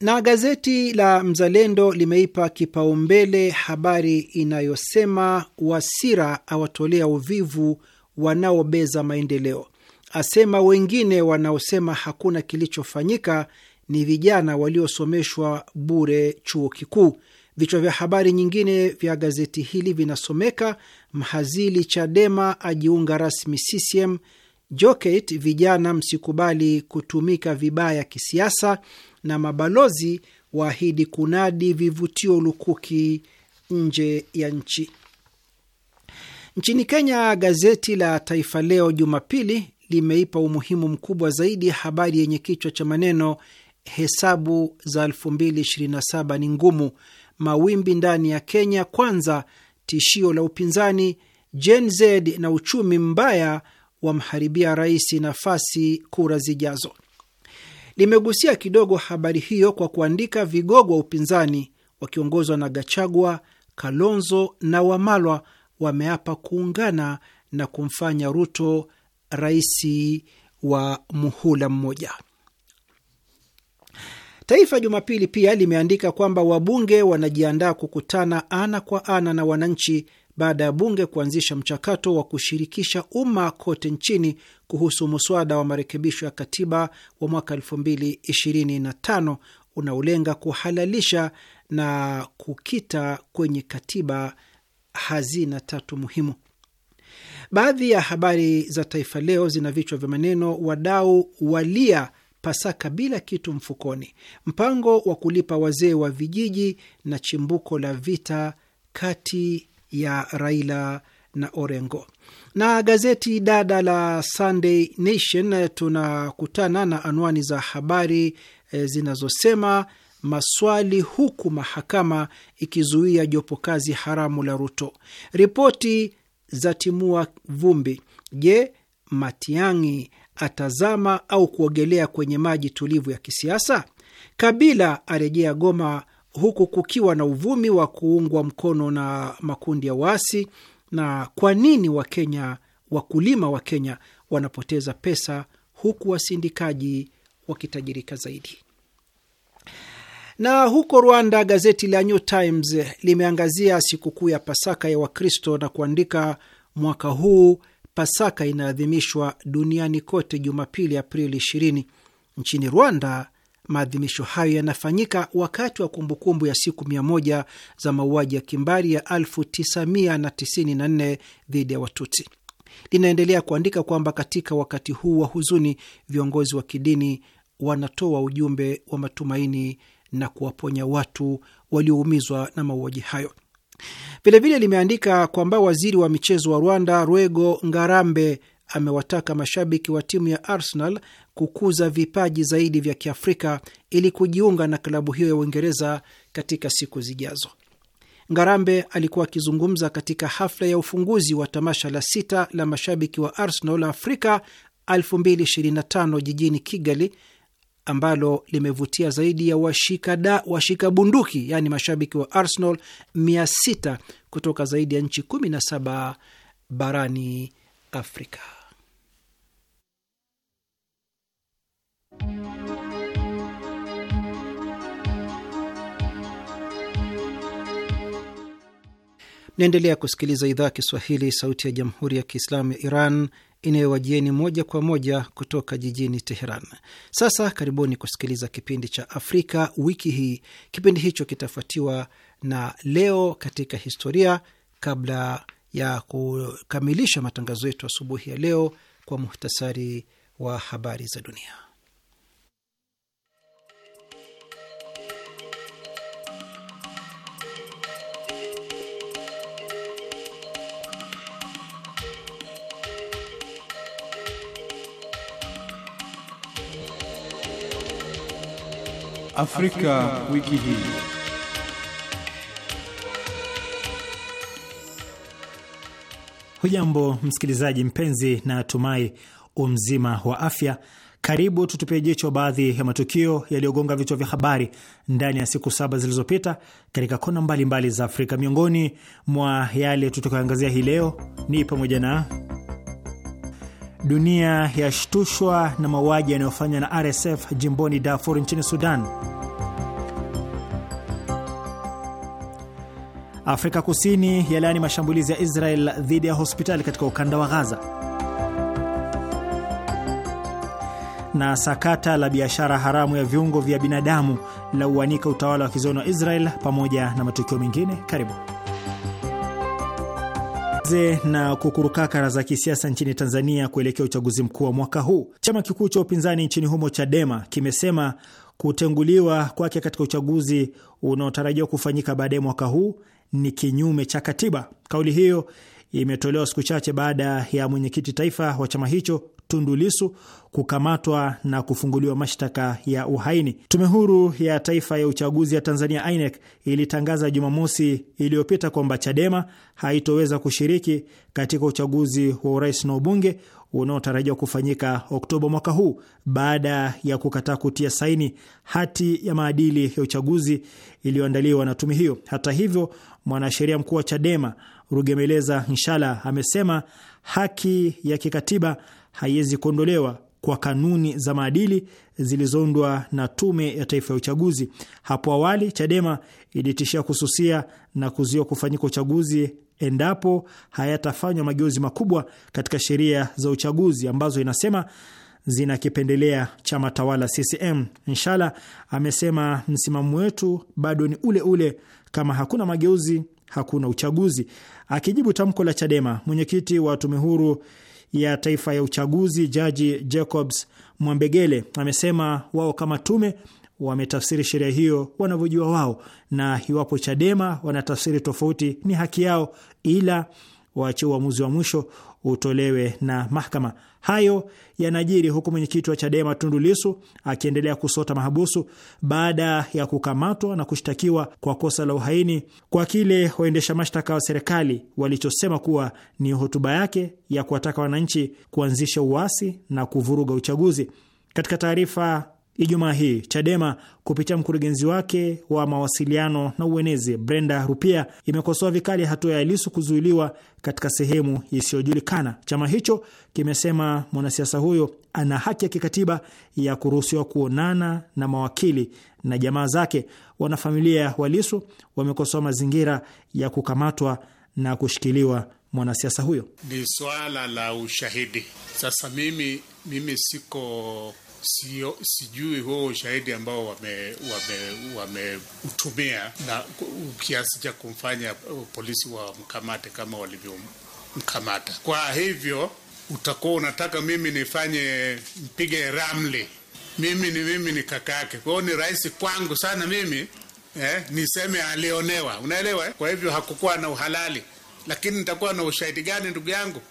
Na gazeti la Mzalendo limeipa kipaumbele habari inayosema Wasira awatolea uvivu wanaobeza maendeleo asema wengine wanaosema hakuna kilichofanyika ni vijana waliosomeshwa bure chuo kikuu. Vichwa vya habari nyingine vya gazeti hili vinasomeka: mhazili Chadema ajiunga rasmi CCM, Joket, vijana msikubali kutumika vibaya kisiasa, na mabalozi waahidi kunadi vivutio lukuki nje ya nchi. Nchini Kenya, gazeti la Taifa Leo Jumapili limeipa umuhimu mkubwa zaidi habari yenye kichwa cha maneno hesabu za 2027 ni ngumu, mawimbi ndani ya Kenya kwanza, tishio la upinzani, Gen Z na uchumi mbaya wamharibia rais nafasi kura zijazo. Limegusia kidogo habari hiyo kwa kuandika vigogo wa upinzani wakiongozwa na Gachagua, Kalonzo na Wamalwa wameapa kuungana na kumfanya Ruto rais wa muhula mmoja. Taifa Jumapili pia limeandika kwamba wabunge wanajiandaa kukutana ana kwa ana na wananchi baada ya bunge kuanzisha mchakato wa kushirikisha umma kote nchini kuhusu muswada wa marekebisho ya katiba wa mwaka 2025 unaolenga kuhalalisha na kukita kwenye katiba hazina tatu muhimu. Baadhi ya habari za Taifa Leo zina vichwa vya maneno: wadau walia Pasaka bila kitu mfukoni, mpango wa kulipa wazee wa vijiji, na chimbuko la vita kati ya Raila na Orengo. Na gazeti dada la Sunday Nation eh, tunakutana na anwani za habari e, zinazosema maswali huku mahakama ikizuia jopo kazi haramu la Ruto, ripoti zatimua vumbi. Je, Matiang'i atazama au kuogelea kwenye maji tulivu ya kisiasa? Kabila arejea Goma huku kukiwa na uvumi wa kuungwa mkono na makundi ya waasi. Na kwa nini Wakenya, wakulima wa Kenya wanapoteza pesa huku wasindikaji wakitajirika zaidi? Na huko Rwanda, gazeti la New Times limeangazia sikukuu ya Pasaka ya Wakristo na kuandika, mwaka huu Pasaka inaadhimishwa duniani kote Jumapili, Aprili 20. Nchini Rwanda, maadhimisho hayo yanafanyika wakati wa kumbukumbu ya siku 1 za mauaji ya kimbari ya 1994 dhidi ya Watutsi. Linaendelea kuandika kwamba katika wakati huu wa huzuni, viongozi wa kidini wanatoa ujumbe wa matumaini na kuwaponya watu walioumizwa na mauaji hayo. Vilevile limeandika kwamba waziri wa michezo wa Rwanda Rwego Ngarambe amewataka mashabiki wa timu ya Arsenal kukuza vipaji zaidi vya Kiafrika ili kujiunga na klabu hiyo ya Uingereza katika siku zijazo. Ngarambe alikuwa akizungumza katika hafla ya ufunguzi wa tamasha la sita la mashabiki wa Arsenal Afrika 2025 jijini Kigali ambalo limevutia zaidi ya washika, washika bunduki yaani mashabiki wa Arsenal 600 kutoka zaidi ya nchi 17 barani Afrika. Naendelea kusikiliza idhaa ya Kiswahili, sauti ya jamhuri ya kiislamu ya Iran inayowajieni moja kwa moja kutoka jijini Teheran. Sasa karibuni kusikiliza kipindi cha Afrika wiki hii. Kipindi hicho kitafuatiwa na leo katika historia, kabla ya kukamilisha matangazo yetu asubuhi ya leo kwa muhtasari wa habari za dunia. Afrika, wiki hii. Hujambo msikilizaji mpenzi, na tumai umzima wa afya. Karibu tutupie jicho baadhi ya matukio yaliyogonga vichwa vya habari ndani ya siku saba zilizopita katika kona mbalimbali mbali za Afrika. Miongoni mwa yale tutakayoangazia hii leo ni pamoja na Dunia yashtushwa na mauaji yanayofanywa na RSF jimboni Darfur nchini Sudan. Afrika Kusini yalaani mashambulizi ya Israel dhidi ya hospitali katika ukanda wa Gaza. Na sakata la biashara haramu ya viungo vya binadamu la uanika utawala wa kizoni wa Israel pamoja na matukio mengine. Karibu. Tuanze na kukurukakara za kisiasa nchini Tanzania kuelekea uchaguzi mkuu wa mwaka huu. Chama kikuu cha upinzani nchini humo Chadema kimesema kutenguliwa kwake katika uchaguzi unaotarajiwa kufanyika baadaye mwaka huu ni kinyume cha katiba. Kauli hiyo imetolewa siku chache baada ya mwenyekiti taifa wa chama hicho Tundu Lisu kukamatwa na kufunguliwa mashtaka ya uhaini. Tume Huru ya Taifa ya Uchaguzi ya Tanzania, INEC, ilitangaza Jumamosi iliyopita kwamba CHADEMA haitoweza kushiriki katika uchaguzi wa urais na ubunge unaotarajiwa kufanyika Oktoba mwaka huu baada ya kukataa kutia saini hati ya maadili ya uchaguzi iliyoandaliwa na tume hiyo. Hata hivyo, mwanasheria mkuu wa CHADEMA Rugemeleza Nshala amesema haki ya kikatiba haiwezi kuondolewa kwa kanuni za maadili zilizoundwa na Tume ya Taifa ya Uchaguzi. Hapo awali, Chadema ilitishia kususia na kuzuia kufanyika uchaguzi endapo hayatafanywa mageuzi makubwa katika sheria za uchaguzi ambazo inasema zinakipendelea chama tawala CCM. Inshala amesema msimamo wetu bado ni ule ule, kama hakuna mageuzi hakuna uchaguzi. Akijibu tamko la Chadema, mwenyekiti wa tume huru ya Taifa ya Uchaguzi, Jaji Jacobs Mwambegele amesema wao kama tume wametafsiri sheria hiyo wanavyojua wao, na iwapo Chadema wanatafsiri tofauti ni haki yao, ila waache uamuzi wa mwisho utolewe na mahakama. Hayo yanajiri huku mwenyekiti wa Chadema Tundu Lisu akiendelea kusota mahabusu baada ya kukamatwa na kushtakiwa kwa kosa la uhaini kwa kile waendesha mashtaka wa serikali walichosema kuwa ni hotuba yake ya kuwataka wananchi kuanzisha uasi na kuvuruga uchaguzi. Katika taarifa Ijumaa hii Chadema kupitia mkurugenzi wake wa mawasiliano na uenezi Brenda Rupia imekosoa vikali hatua ya Lisu kuzuiliwa katika sehemu isiyojulikana. Chama hicho kimesema mwanasiasa huyo ana haki ya kikatiba ya kuruhusiwa kuonana na mawakili na jamaa zake. Wanafamilia wa Lisu wamekosoa mazingira ya kukamatwa na kushikiliwa mwanasiasa huyo. Ni swala la ushahidi. Sasa mimi, mimi siko sio, sijui huo ushahidi ambao wameutumia wame, wame na kiasi cha kumfanya polisi wamkamate kama walivyomkamata. Kwa hivyo utakuwa unataka mimi nifanye mpige ramli, mimi ni mimi ni kaka yake, kwa hiyo ni rahisi kwangu sana mimi eh, niseme alionewa, unaelewa eh? Kwa hivyo hakukuwa na uhalali, lakini nitakuwa na ushahidi gani ndugu yangu?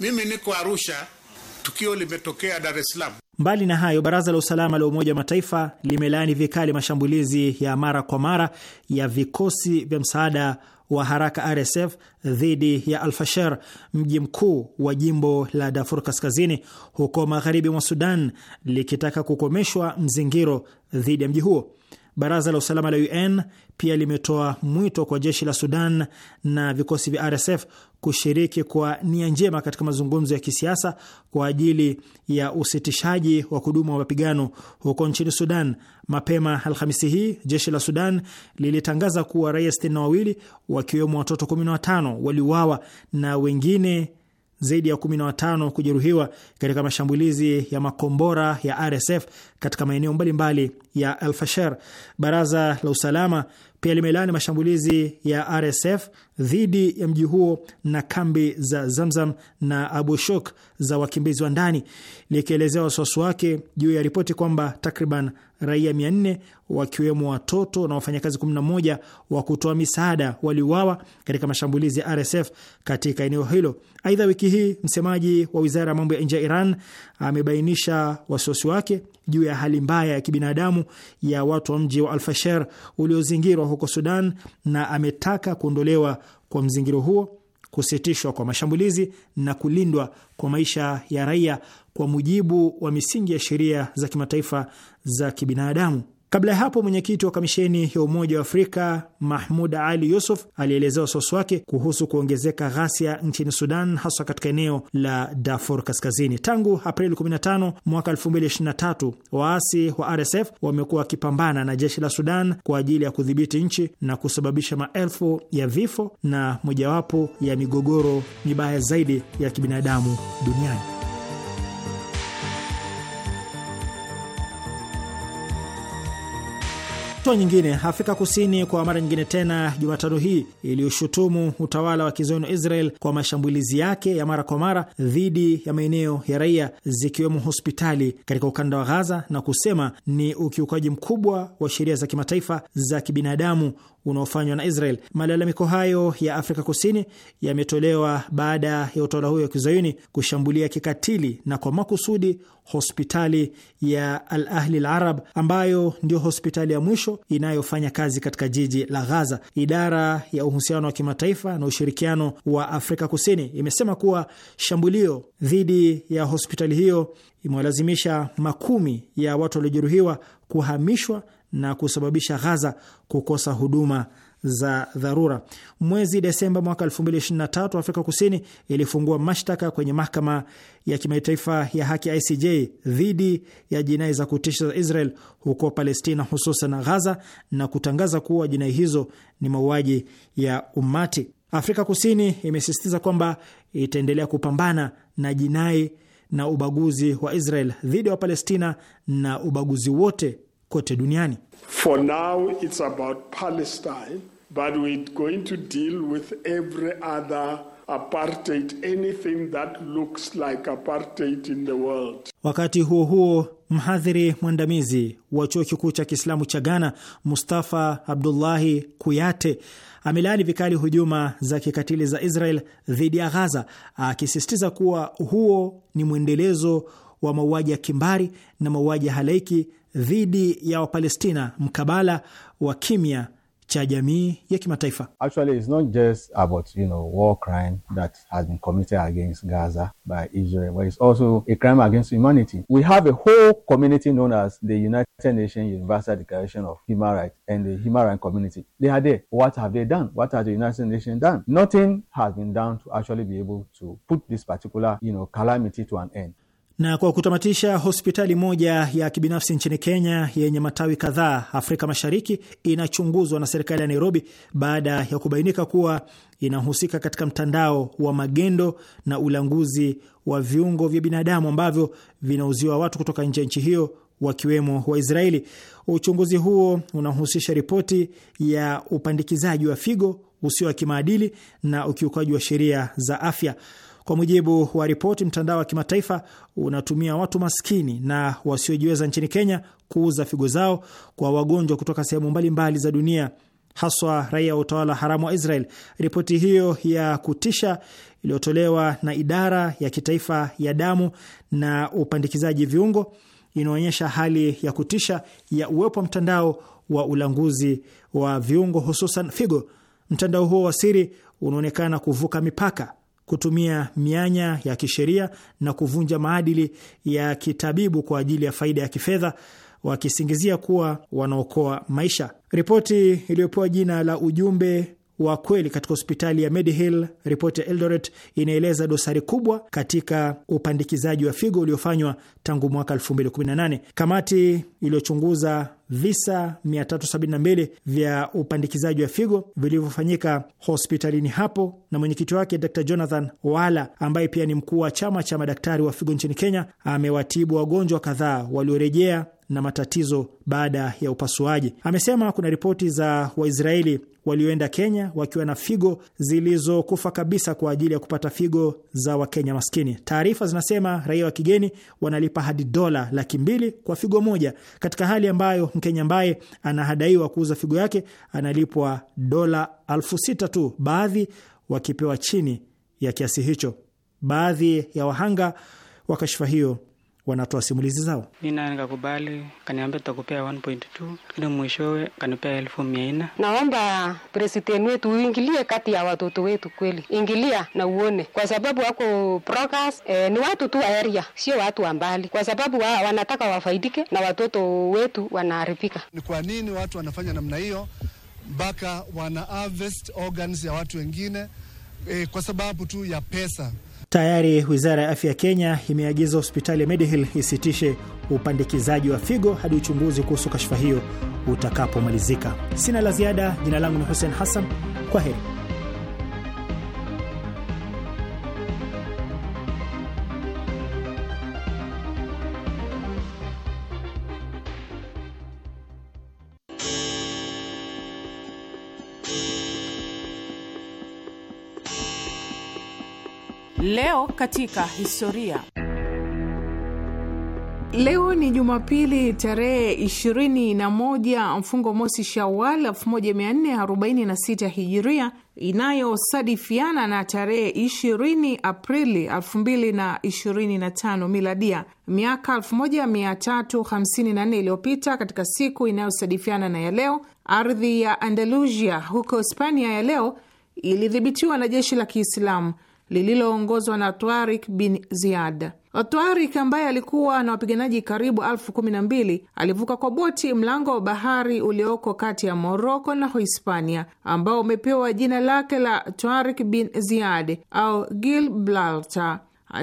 Mimi niko Arusha. Tukio limetokea Dar es Salaam. Mbali na hayo, baraza la usalama la Umoja wa Mataifa limelaani vikali mashambulizi ya mara kwa mara ya vikosi vya msaada wa haraka RSF dhidi ya Alfasher, mji mkuu wa jimbo la Darfur Kaskazini huko magharibi mwa Sudan, likitaka kukomeshwa mzingiro dhidi ya mji huo. Baraza la usalama la UN pia limetoa mwito kwa jeshi la Sudan na vikosi vya RSF kushiriki kwa nia njema katika mazungumzo ya kisiasa kwa ajili ya usitishaji wa kudumu wa mapigano huko nchini Sudan. Mapema Alhamisi hii jeshi la Sudan lilitangaza kuwa raia sitini na wawili wakiwemo watoto 15 waliuawa na wengine zaidi ya 15 kujeruhiwa katika mashambulizi ya makombora ya RSF katika maeneo mbalimbali ya alfasher Baraza la usalama pia limelaani mashambulizi ya RSF dhidi ya mji huo na kambi za Zamzam na Abu shok za wakimbizi wa ndani, likielezea wasiwasi wake juu ya ripoti kwamba takriban raia 400 wakiwemo watoto na wafanyakazi 11 wa kutoa misaada waliuawa katika mashambulizi ya RSF katika eneo hilo. Aidha, wiki hii msemaji wa wizara ya mambo ya nje ya Iran amebainisha wasiwasi wake juu ya hali mbaya ya kibinadamu ya watu wa mji wa Alfasher uliozingirwa huko Sudan, na ametaka kuondolewa kwa mzingiro huo, kusitishwa kwa mashambulizi na kulindwa kwa maisha ya raia kwa mujibu wa misingi ya sheria za kimataifa za kibinadamu. Kabla ya hapo mwenyekiti wa kamisheni ya Umoja wa Afrika Mahmud Ali Yusuf alielezea wasiwasi wake kuhusu kuongezeka ghasia nchini Sudan, haswa katika eneo la Darfur Kaskazini. Tangu Aprili 15 mwaka 2023, waasi wa RSF wamekuwa wakipambana na jeshi la Sudan kwa ajili ya kudhibiti nchi na kusababisha maelfu ya vifo na mojawapo ya migogoro mibaya zaidi ya kibinadamu duniani. hatua nyingine, Afrika Kusini kwa mara nyingine tena Jumatano hii iliyoshutumu utawala wa kizayuni Israel kwa mashambulizi yake ya mara kwa mara dhidi ya maeneo ya raia zikiwemo hospitali katika ukanda wa Ghaza na kusema ni ukiukaji mkubwa wa sheria za kimataifa za kibinadamu unaofanywa na Israel. Malalamiko hayo ya Afrika Kusini yametolewa baada ya utawala huyo wa kizayuni kushambulia kikatili na kwa makusudi hospitali ya Al Ahli Al Arab ambayo ndio hospitali ya mwisho inayofanya kazi katika jiji la Ghaza. Idara ya uhusiano wa kimataifa na ushirikiano wa Afrika Kusini imesema kuwa shambulio dhidi ya hospitali hiyo imewalazimisha makumi ya watu waliojeruhiwa kuhamishwa na kusababisha Ghaza kukosa huduma za dharura. Mwezi Desemba mwaka 2023 Afrika Kusini ilifungua mashtaka kwenye mahakama ya kimataifa ya haki ICJ dhidi ya jinai za kutisha za Israel huko Palestina, hususan Ghaza, na kutangaza kuwa jinai hizo ni mauaji ya umati. Afrika Kusini imesisitiza kwamba itaendelea kupambana na jinai na ubaguzi wa Israel dhidi ya Wapalestina na ubaguzi wote kote duniani. For now it's about Palestine, but we're going to deal with every other apartheid, anything that looks like apartheid in the world. Wakati huo huo mhadhiri mwandamizi wa chuo kikuu cha Kiislamu cha Ghana Mustafa Abdullahi Kuyate amelaani vikali hujuma za kikatili za Israel dhidi ya Ghaza, akisisitiza kuwa huo ni mwendelezo wa mauaji ya kimbari na mauaji ya halaiki dhidi ya Wapalestina mkabala wa kimya cha jamii ya kimataifa. Actually, it's not just about, you know, war crime that has been committed against Gaza by Israel, but it's also a crime against humanity. We have a whole community known as the United Nations Universal Declaration of Human Rights and the human rights community. They are there. What have they done? What has the United Nations done? Nothing has been done to actually be able to put this particular, you know, calamity to an end. Na kwa kutamatisha, hospitali moja ya kibinafsi nchini Kenya yenye matawi kadhaa Afrika Mashariki inachunguzwa na serikali ya Nairobi baada ya kubainika kuwa inahusika katika mtandao wa magendo na ulanguzi wa viungo vya binadamu ambavyo vinauziwa watu kutoka nje ya nchi hiyo wakiwemo Waisraeli. Uchunguzi huo unahusisha ripoti ya upandikizaji wa figo usio wa kimaadili na ukiukaji wa sheria za afya. Kwa mujibu wa ripoti, mtandao wa kimataifa unatumia watu maskini na wasiojiweza nchini Kenya kuuza figo zao kwa wagonjwa kutoka sehemu mbalimbali za dunia, haswa raia wa utawala haramu wa Israel. Ripoti hiyo ya kutisha iliyotolewa na idara ya kitaifa ya damu na upandikizaji viungo inaonyesha hali ya kutisha ya uwepo wa mtandao wa ulanguzi wa viungo, hususan figo. Mtandao huo wa siri unaonekana kuvuka mipaka kutumia mianya ya kisheria na kuvunja maadili ya kitabibu kwa ajili ya faida ya kifedha wakisingizia kuwa wanaokoa maisha. Ripoti iliyopewa jina la ujumbe wa kweli katika hospitali ya Medihill, ripoti ya Eldoret inaeleza dosari kubwa katika upandikizaji wa figo uliofanywa tangu mwaka 2018. Kamati iliyochunguza visa 372 vya upandikizaji wa figo vilivyofanyika hospitalini hapo na mwenyekiti wake Dr Jonathan Wala, ambaye pia ni mkuu wa chama cha madaktari wa figo nchini Kenya, amewatibu wagonjwa kadhaa waliorejea na matatizo baada ya upasuaji. Amesema kuna ripoti za Waisraeli walioenda Kenya wakiwa na figo zilizokufa kabisa kwa ajili ya kupata figo za Wakenya maskini. Taarifa zinasema raia wa kigeni wanalipa hadi dola laki mbili kwa figo moja, katika hali ambayo Mkenya ambaye anahadaiwa kuuza figo yake analipwa dola elfu sita tu, baadhi wakipewa chini ya kiasi hicho. Baadhi ya wahanga wa kashfa hiyo wanatoa simulizi zao. Mina nikakubali, kaniambia tutakupea 1.2 lakini mwishowe kanipea elfu mia nne. Naomba presiden wetu uingilie kati ya watoto wetu kweli, ingilia na uone, kwa sababu wako progress, eh, ni watu tu wa area, sio watu wa mbali, kwa sababu wa, wanataka wafaidike na watoto wetu wanaharibika. Ni kwa nini watu wanafanya namna hiyo mpaka wana harvest organs ya watu wengine eh, kwa sababu tu ya pesa. Tayari wizara ya afya ya Kenya imeagiza hospitali ya Medihill isitishe upandikizaji wa figo hadi uchunguzi kuhusu kashfa hiyo utakapomalizika. Sina la ziada. Jina langu ni Hussein Hassan, kwa heri. Leo katika historia. Leo ni Jumapili tarehe 21 mfungo mosi Shawal 1446 Hijiria inayosadifiana na tarehe 20 Aprili 2025 miladia. Miaka 1354 iliyopita, katika siku inayosadifiana na ya leo, ardhi ya Andalusia huko Hispania ya leo ilidhibitiwa na jeshi la Kiislamu lililoongozwa na Twarik bin Ziad. Twarik ambaye alikuwa na wapiganaji karibu elfu kumi na mbili alivuka kwa boti mlango wa bahari ulioko kati ya Moroko na Hispania ambao umepewa jina lake la Twarik bin Ziad au Gibraltar.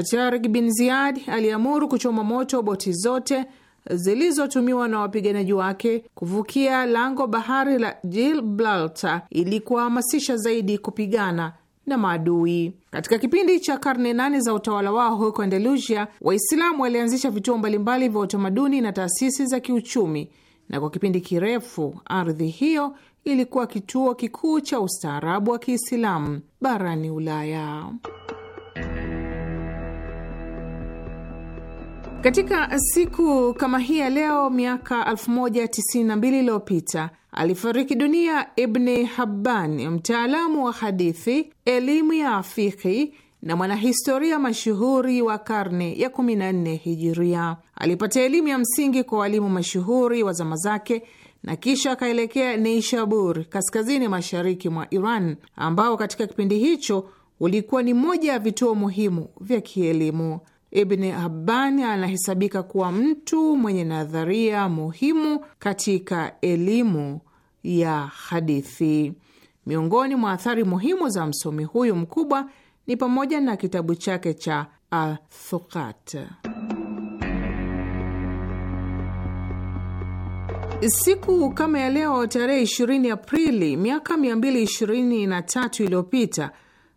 Twarik bin Ziad aliamuru kuchoma moto boti zote zilizotumiwa na wapiganaji wake kuvukia lango bahari la Gibraltar ili kuwahamasisha zaidi kupigana na maadui. Katika kipindi cha karne nane za utawala wao huko Andalusia, Waislamu walianzisha vituo mbalimbali vya utamaduni na taasisi za kiuchumi, na kwa kipindi kirefu ardhi hiyo ilikuwa kituo kikuu cha ustaarabu wa Kiislamu barani Ulaya. Katika siku kama hii ya leo miaka 1092 iliyopita alifariki dunia Ibni Habban, mtaalamu wa hadithi, elimu ya afiki na mwanahistoria mashuhuri wa karne ya 14 Hijiria. Alipata elimu ya msingi kwa walimu mashuhuri wa zama zake na kisha akaelekea Neishabur, kaskazini mashariki mwa Iran, ambao katika kipindi hicho ulikuwa ni moja ya vituo muhimu vya kielimu ibn abban anahesabika kuwa mtu mwenye nadharia muhimu katika elimu ya hadithi. Miongoni mwa athari muhimu za msomi huyu mkubwa ni pamoja na kitabu chake cha Athukat. Siku kama ya leo tarehe 20 Aprili miaka 223 iliyopita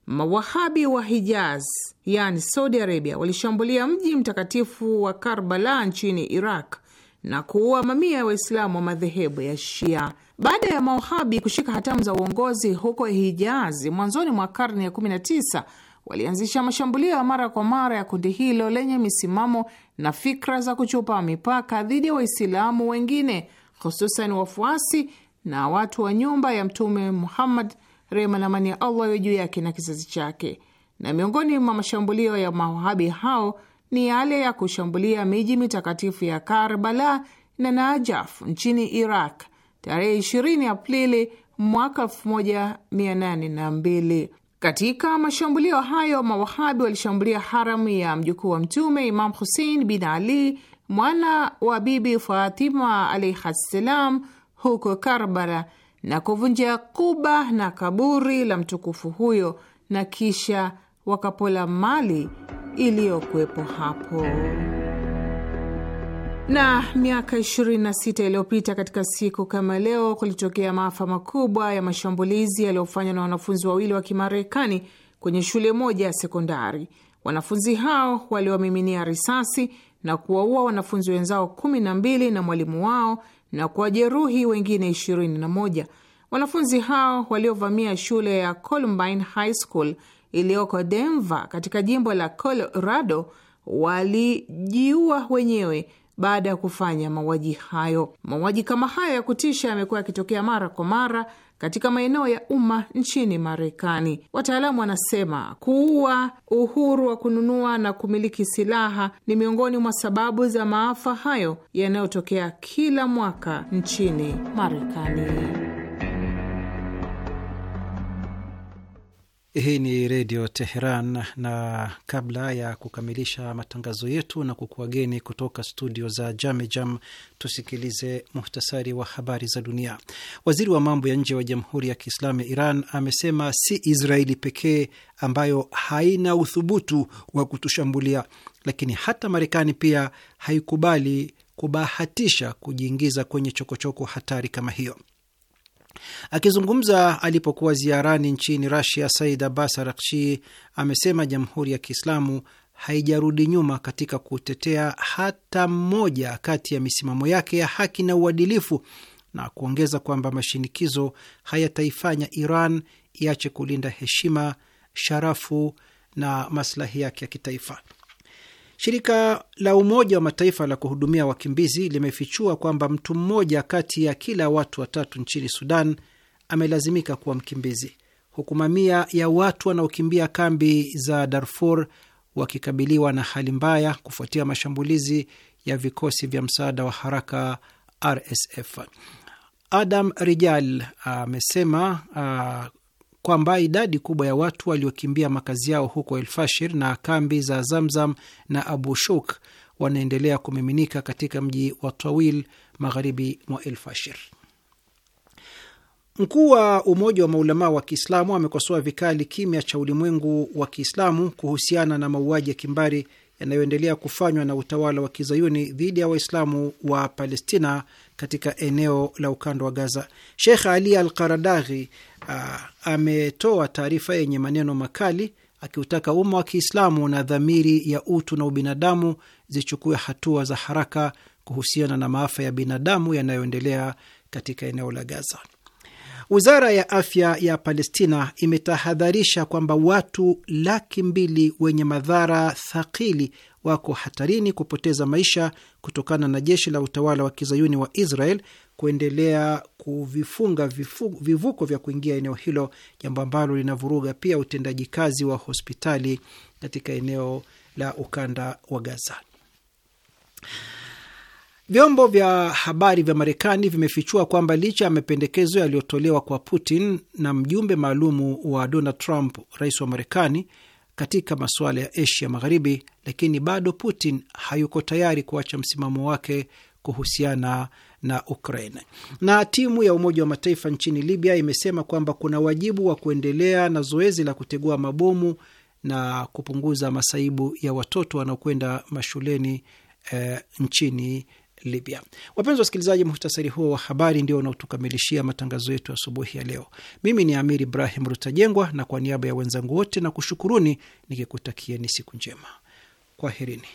Mawahabi wa Hijaz yani Saudi Arabia walishambulia mji mtakatifu wa Karbala nchini Iraq na kuua mamia ya Waislamu wa madhehebu ya Shia. Baada ya mawahabi kushika hatamu za uongozi huko Hijazi mwanzoni mwa karne ya 19, walianzisha mashambulio ya mara kwa mara ya kundi hilo lenye misimamo na fikra za kuchupa mipaka dhidi ya Waislamu wengine, hususan wafuasi na watu wa nyumba ya Mtume Muhammad rehema na amani ya Allah iwe juu yake na kizazi chake. Na miongoni mwa mashambulio ya mawahabi hao ni yale ya kushambulia miji mitakatifu ya Karbala na Najaf nchini Iraq tarehe 20 Aprili mwaka 1802. Katika mashambulio hayo mawahabi walishambulia haramu ya mjukuu wa Mtume Imam Husein bin Ali mwana wa Bibi Fatima alaihi ssalam huko Karbala na kuvunja kuba na kaburi la mtukufu huyo na kisha wakapola mali iliyokuwepo hapo. Na miaka 26 iliyopita katika siku kama leo, kulitokea maafa makubwa ya mashambulizi yaliyofanywa na wanafunzi wawili wa Kimarekani kwenye shule moja ya sekondari. Wanafunzi hao waliwamiminia risasi na kuwaua wanafunzi wenzao kumi na mbili na mwalimu wao na kuwajeruhi wengine 21. Wanafunzi hao waliovamia shule ya Columbine High School iliyoko Denver katika jimbo la Colorado walijiua wenyewe baada ya kufanya mauaji hayo. Mauaji kama hayo ya kutisha yamekuwa yakitokea mara kwa mara katika maeneo ya umma nchini Marekani. Wataalamu wanasema kuua uhuru wa kununua na kumiliki silaha ni miongoni mwa sababu za maafa hayo yanayotokea kila mwaka nchini Marekani. Hii ni Redio Teheran, na kabla ya kukamilisha matangazo yetu na kukuwageni kutoka studio za Jamejam, tusikilize muhtasari wa habari za dunia. Waziri wa mambo ya nje wa Jamhuri ya Kiislamu ya Iran amesema si Israeli pekee ambayo haina uthubutu wa kutushambulia, lakini hata Marekani pia haikubali kubahatisha kujiingiza kwenye chokochoko hatari kama hiyo. Akizungumza alipokuwa ziarani nchini Rasia, Said Abbas Arakshi amesema Jamhuri ya Kiislamu haijarudi nyuma katika kutetea hata mmoja kati ya misimamo yake ya haki na uadilifu na kuongeza kwamba mashinikizo hayataifanya Iran iache kulinda heshima, sharafu na maslahi yake ya kitaifa. Shirika la Umoja wa Mataifa la kuhudumia wakimbizi limefichua kwamba mtu mmoja kati ya kila watu watatu nchini Sudan amelazimika kuwa mkimbizi, huku mamia ya watu wanaokimbia kambi za Darfur wakikabiliwa na hali mbaya kufuatia mashambulizi ya vikosi vya msaada wa haraka RSF. Adam Rijal amesema uh, kwamba idadi kubwa ya watu waliokimbia makazi yao huko Elfashir na kambi za Zamzam na Abu Shuk wanaendelea kumiminika katika mji wa Tawil magharibi mwa Elfashir. Mkuu wa Umoja wa Maulamaa wa Kiislamu amekosoa vikali kimya cha ulimwengu wa Kiislamu kuhusiana na mauaji ya kimbari yanayoendelea kufanywa na utawala wa kizayuni dhidi ya Waislamu wa Palestina katika eneo la ukanda wa Gaza. Sheikh Ali Al Qaradaghi uh, ametoa taarifa yenye maneno makali akiutaka umma wa Kiislamu na dhamiri ya utu na ubinadamu zichukue hatua za haraka kuhusiana na maafa ya binadamu yanayoendelea katika eneo la Gaza. Wizara ya afya ya Palestina imetahadharisha kwamba watu laki mbili wenye madhara thakili wako hatarini kupoteza maisha kutokana na jeshi la utawala wa kizayuni wa Israel kuendelea kuvifunga vifu, vivuko vya kuingia eneo hilo, jambo ambalo linavuruga pia utendaji kazi wa hospitali katika eneo la ukanda wa Gaza. Vyombo vya habari vya Marekani vimefichua kwamba licha ya mapendekezo yaliyotolewa kwa Putin na mjumbe maalumu wa Donald Trump, rais wa Marekani, katika masuala ya Asia Magharibi, lakini bado Putin hayuko tayari kuacha msimamo wake kuhusiana na Ukraine. Na timu ya Umoja wa Mataifa nchini Libya imesema kwamba kuna wajibu wa kuendelea na zoezi la kutegua mabomu na kupunguza masaibu ya watoto wanaokwenda mashuleni eh, nchini Libya. Wapenzi wasikilizaji, muhtasari huo wa habari ndio unaotukamilishia matangazo yetu asubuhi ya leo. Mimi ni Amir Ibrahim Rutajengwa, na kwa niaba ya wenzangu wote na kushukuruni nikikutakieni siku njema, kwaherini.